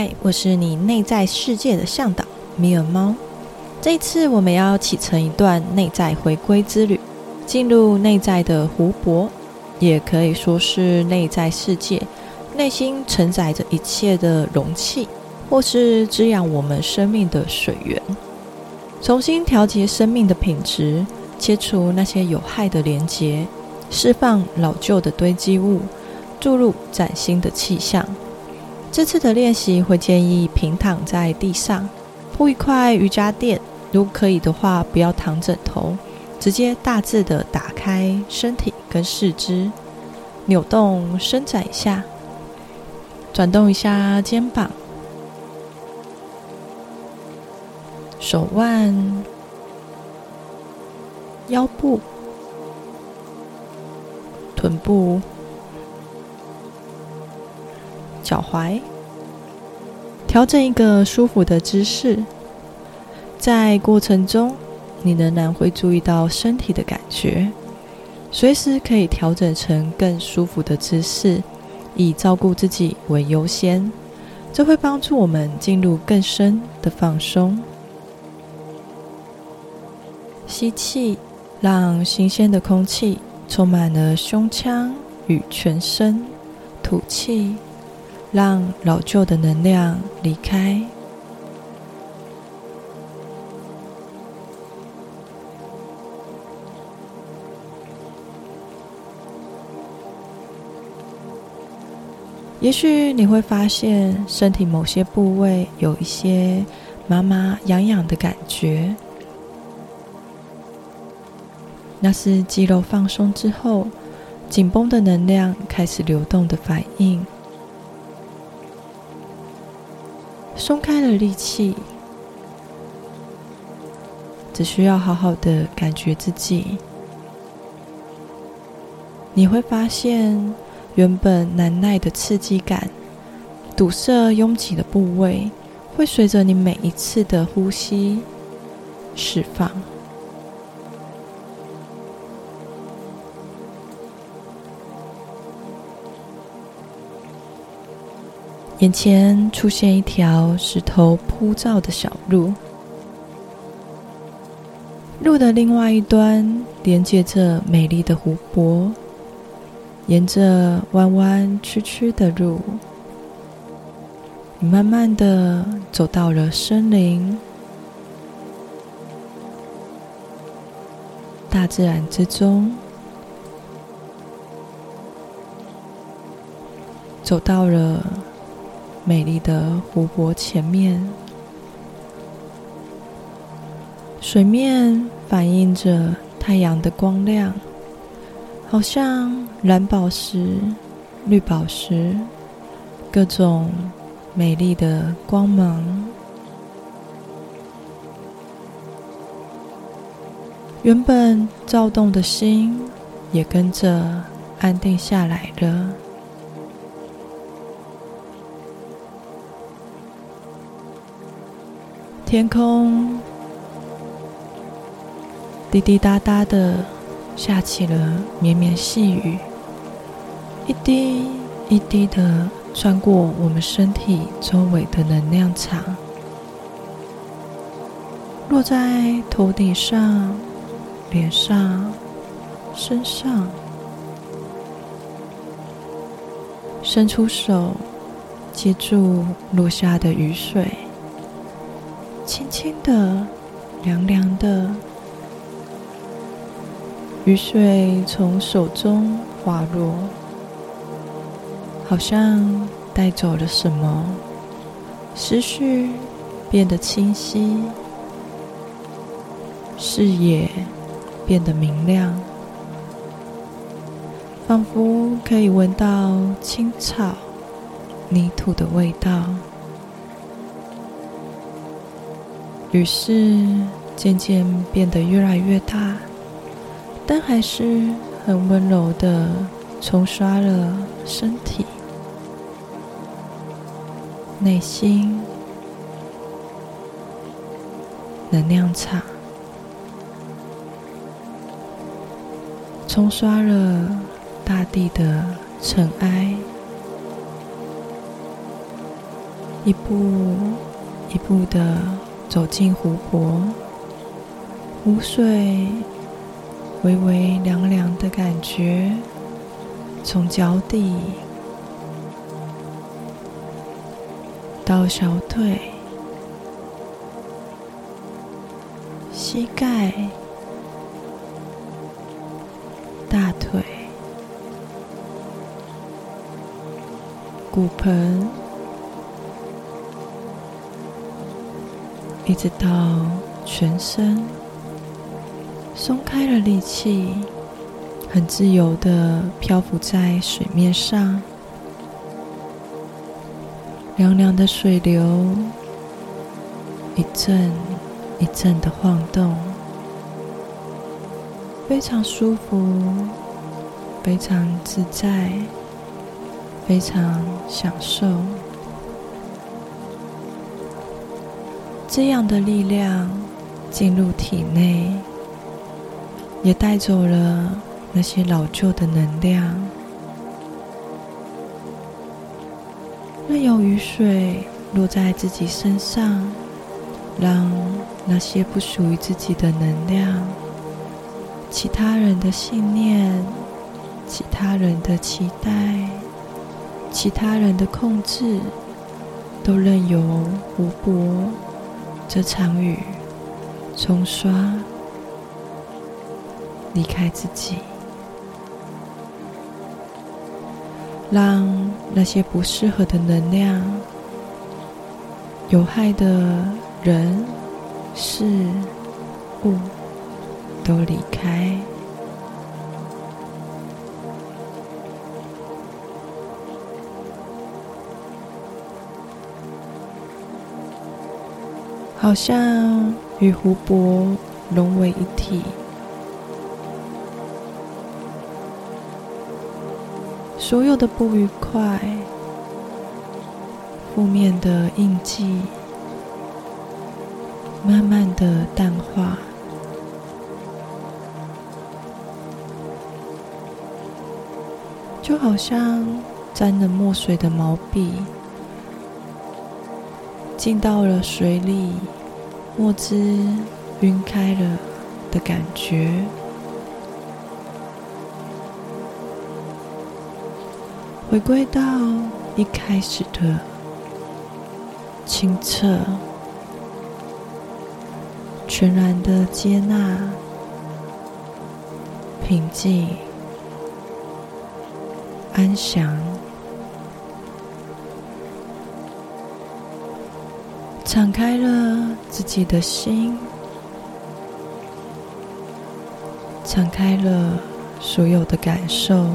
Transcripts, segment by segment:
Hi, 我是你內在世界的嚮導，米爾貓。這次，我們要啟程一段內在回歸之旅，進入內在的湖泊，也可以說是內在世界，內心承載着一切的容器，或是滋養我們生命的水源。重新調節生命的品質，切除那些有害的連結，釋放老舊的堆積物，注入嶄新的氣象。這次的練習會建議平躺在地上，鋪一塊瑜伽墊。如果可以的話，不要躺枕頭，直接大字的打開身體跟四肢，扭動伸展一下，轉動一下肩膀、手腕、腰部、臀部。腳踝，調整一個舒服的姿勢。在過程中，你仍然會注意到身體的感覺，隨時可以調整成更舒服的姿勢，以照顧自己為優先。這會幫助我們進入更深的放鬆。吸氣，讓新鮮的空氣充滿了胸腔與全身，吐氣。讓老舊的能量離開。也許你會發現身體某些部位有一些麻麻癢癢的感覺，那是肌肉放鬆之後，緊繃的能量開始流動的反應。鬆開了力氣，只需要好好的感覺自己，你會發現原本難耐的刺激感、堵塞、擁擠的部位，會隨着你每一次的呼吸釋放。眼前出現一條石頭鋪造的小路，路的另外一端連接着美麗的湖泊。沿着彎彎曲曲的路，你慢慢的走到了森林，大自然之中，走到了。美麗的湖泊前面，水面反映着太陽的光亮，好像藍寶石、綠寶石，各種美麗的光芒。原本躁動的心也跟着安定下來了。天空滴滴答答的下起了綿綿細雨，一滴一滴的穿過我們身體周圍的能量場，落在頭頂上、臉上、身上，伸出手接住落下的雨水。輕輕的，涼涼的，雨水從手中滑落，好像帶走了什麼，思緒變得清晰，視野變得明亮，仿佛可以聞到青草、泥土的味道。雨勢，漸漸變得越來越大，但還是很溫柔的沖刷了身體、內心、能量場，沖刷了大地的塵埃，一步一步的。走進湖泊，湖水微微涼涼的感覺，從腳底到小腿、膝蓋、大腿、骨盆。一直到全身鬆開了力氣，很自由的漂浮在水面上，涼涼的水流一陣一陣的晃動，非常舒服，非常自在，非常享受。這樣的力量進入體內，也帶走了那些老舊的能量。任由雨水落在自己身上，讓那些不屬於自己的能量、其他人的信念、其他人的期待、其他人的控制，都任由湖泊。這場雨沖刷，離開自己，讓那些不適合的能量、有害的人、事、物都離開。好像與湖泊融為一體，所有的不愉快、負面的印記，慢慢的淡化，就好像沾了墨水的毛筆。浸到了水裡，墨汁暈開了的感覺。回歸到一開始的清澈、全然的接納、平靜、安詳。敞開了自己的心，敞開了所有的感受，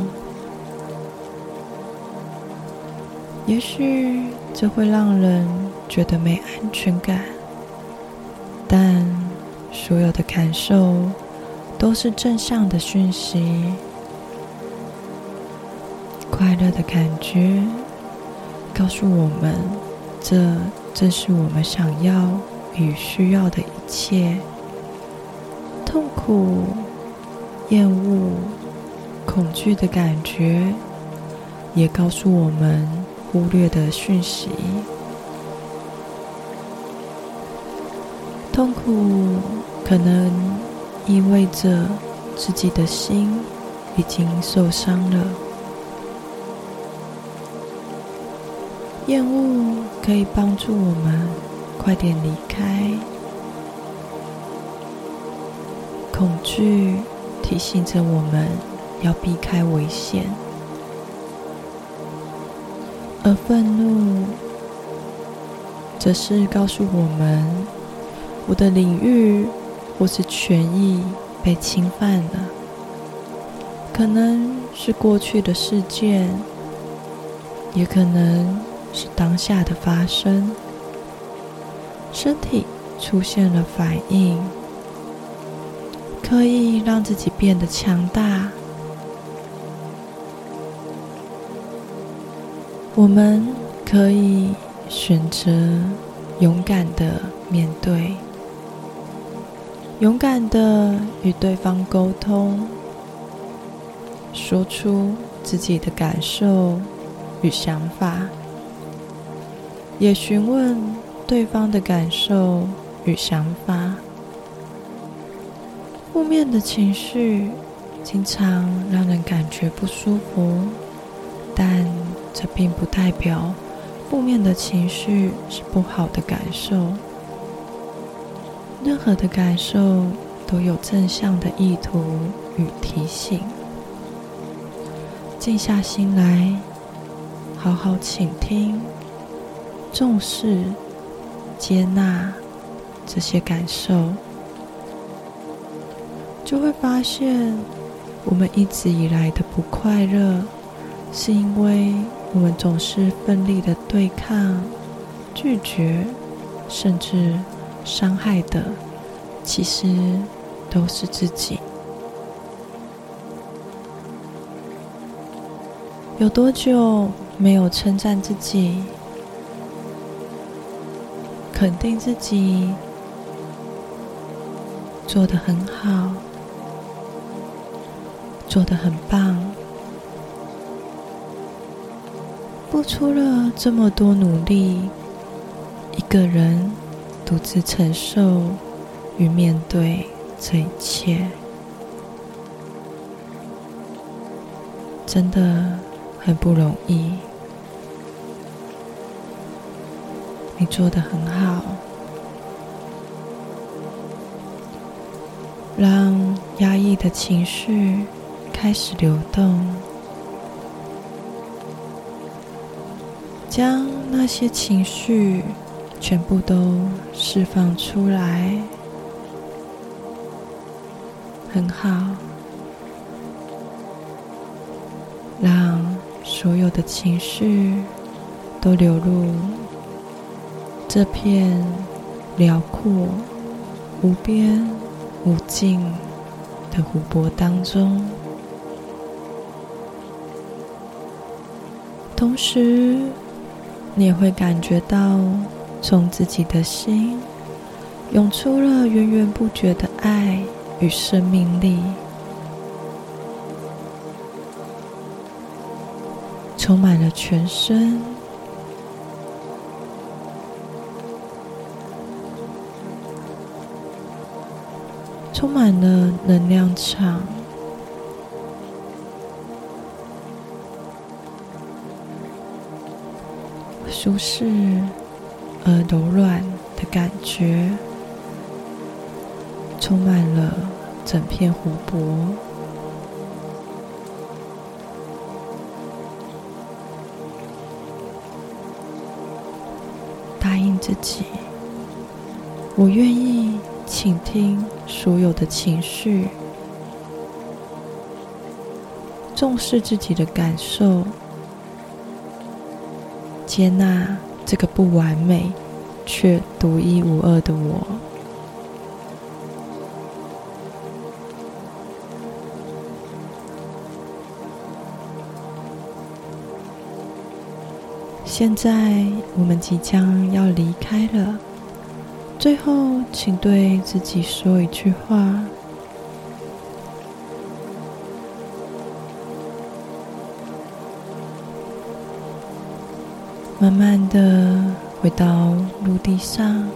也許這會讓人覺得沒安全感，但所有的感受都是正向的訊息，快樂的感覺告訴我們，這。正是我們想要與需要的一切。痛苦、厭惡、恐懼的感覺，也告訴我們忽略的訊息。痛苦可能意味着自己的心已經受傷了。厭惡。可以幫助我們快點離開。恐懼提醒着我們要避開危險；而憤怒，則是告訴我們，我的領域或是權益被侵犯了，可能是過去的事件，也可能。是當下的發生，身體出現了反應，可以讓自己變得強大。我們可以選擇勇敢地面對，勇敢地與對方溝通，說出自己的感受與想法。也詢問對方的感受與想法。負面的情緒經常讓人感覺不舒服，但這並不代表負面的情緒是不好的感受。任何的感受都有正向的意圖與提醒。靜下心來，好好傾聽。重視、接納這些感受，就會發現，我們一直以來的不快樂，是因為我們總是奮力的對抗、拒絕，甚至傷害的，其實都是自己。有多久沒有稱讚自己？肯定自己做得很好，做得很棒，付出了這麼多努力，一個人獨自承受與面對這一切，真的很不容易。你做得很好，讓壓抑的情緒開始流動，將那些情緒全部都釋放出來，很好，讓所有的情緒都流入，這片遼闊、無邊、無盡的湖泊當中，同時你也會感覺到從自己的心湧出了源源不絕的愛與生命力，充滿了全身。充滿了能量場，舒適而柔軟的感覺，充滿了整片湖泊。答應自己，我願意。傾聽所有的情緒，重視自己的感受，接納這個不完美卻獨一無二的我。現在我們即將要離開了。最後，請對自己說一句話。慢慢的回到陸地上，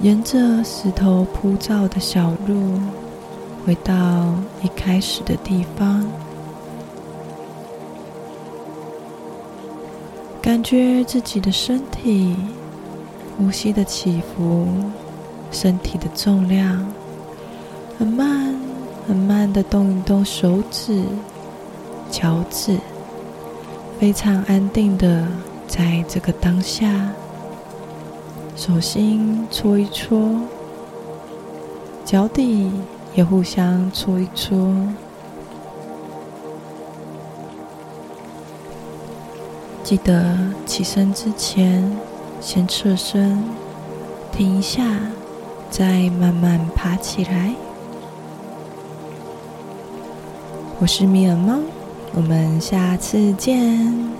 沿着石頭鋪成的小路，回到一開始的地方，感覺自己的身體。呼吸的起伏，身體的重量，很慢很慢的動一動手指，腳趾，非常安定的在這個當下，手心搓一搓，腳底也互相搓一搓，記得起身之前。先側身，停一下，再慢慢爬起來。我是米爾貓，我們下次見。